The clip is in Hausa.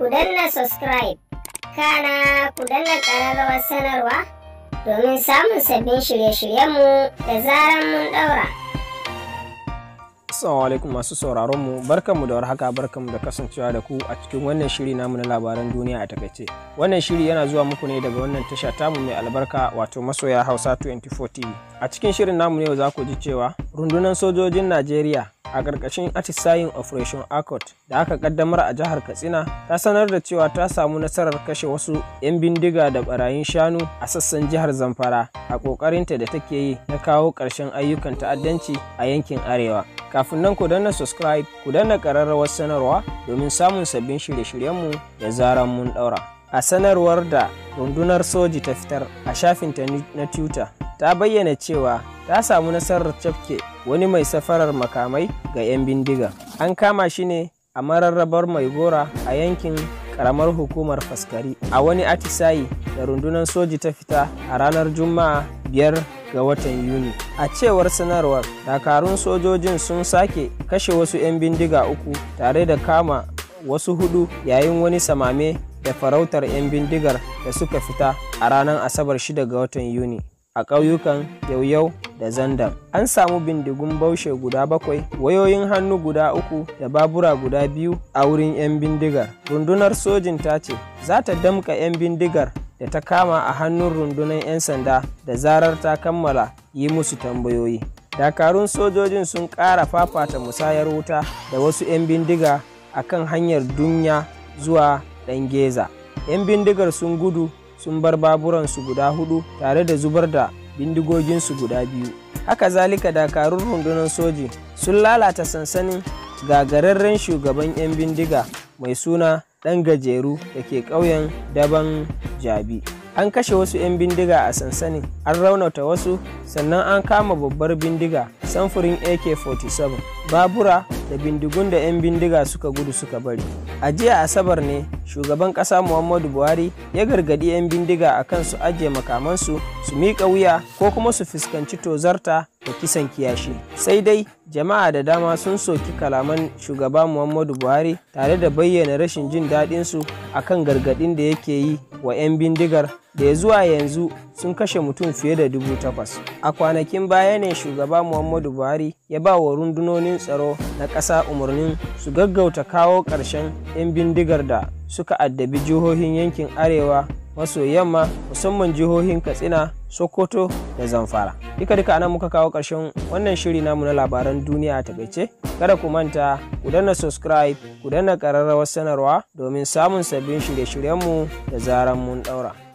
ku danna subscribe kana ku danna ƙararrawar sanarwa domin samun sabbin shirye-shiryenmu da zarar mun ɗaura. Assalamu alaikum masu sauraron mu barkanmu da warhaka barkanmu da kasancewa da ku a cikin wannan shiri namu na labaran duniya a takaice. Wannan shiri yana zuwa muku ne daga wannan tasha tamu mai albarka wato masoya Hausa 2014. A cikin shirin namu ne za ku ji cewa rundunar sojojin Najeriya a ƙarƙashin atisayin Operation Accord da aka kaddamar a jihar Katsina ta sanar da cewa ta samu nasarar kashe wasu 'yan bindiga da barayin shanu a sassan jihar Zamfara a ƙoƙarinta da take yi na kawo ƙarshen ayyukan ta'addanci a yankin Arewa. Kafin nan ku danna subscribe, ku danna ƙararrawar sanarwa domin samun sabbin shirye-shiryenmu da zaran mun ɗaura. A sanarwar da rundunar soji ta fitar a shafinta na Twitter ta bayyana cewa ta samu nasarar cafke wani mai safarar makamai ga 'yan bindiga. An kama shi ne a mararrabar mai gora a yankin karamar hukumar faskari a wani atisayi da rundunar soji ta fita a ranar juma'a biyar ga watan Yuni. A cewar sanarwar, dakarun sojojin sun sake kashe wasu 'yan bindiga uku tare da kama wasu hudu yayin wani samame da farautar 'yan bindigar da suka fita a ranar Asabar 6 ga watan Yuni. a ƙauyukan yauyau da zandam an samu bindigun baushe guda bakwai wayoyin hannu guda uku da babura guda biyu a wurin 'yan bindigar rundunar sojin ta ce za ta damka 'yan bindigar da ta kama a hannun rundunar 'yan sanda da zarar ta kammala yi musu tambayoyi dakarun sojojin sun ƙara fafata musayar wuta da wasu 'yan bindiga a kan hanyar dunya zuwa ɗangeza 'yan bindigar sun gudu sun bar baburansu guda hudu tare da zubar da bindigoginsu guda biyu haka zalika dakarun rundunar soji sun lalata sansanin gagararren shugaban 'yan bindiga mai suna ɗan gajeru da ke ƙauyen daban jabi an kashe wasu 'yan bindiga a sansanin an raunata wasu sannan an kama babbar bindiga samfurin ak-47 babura da bindigun da 'yan bindiga suka gudu suka bari a jiya asabar ne shugaban kasa muhammadu buhari ya gargadi 'yan bindiga a kan su ajiye makamansu su miƙa wuya ko kuma su fuskanci tozarta da kisan kiyashi sai dai jama'a da dama sun soki kalaman shugaba muhammadu buhari tare da bayyana rashin jin daɗinsu akan gargaɗin da yake yi wa 'yan bindigar da ya zuwa yanzu sun kashe mutum fiye da dubu takwas. A kwanakin baya ne shugaba Muhammadu Buhari ya ba wa rundunonin tsaro na ƙasa umarnin su gaggauta kawo ƙarshen 'yan bindigar da suka addabi jihohin yankin Arewa maso yamma musamman jihohin Katsina sokoto da zamfara duka duka anan muka kawo ƙarshen wannan shiri namu na labaran duniya a takaice kada ku manta ku danna subscribe ku danna ƙararrawar sanarwa domin samun sabbin shirye-shiryenmu da zaran mun ɗaura.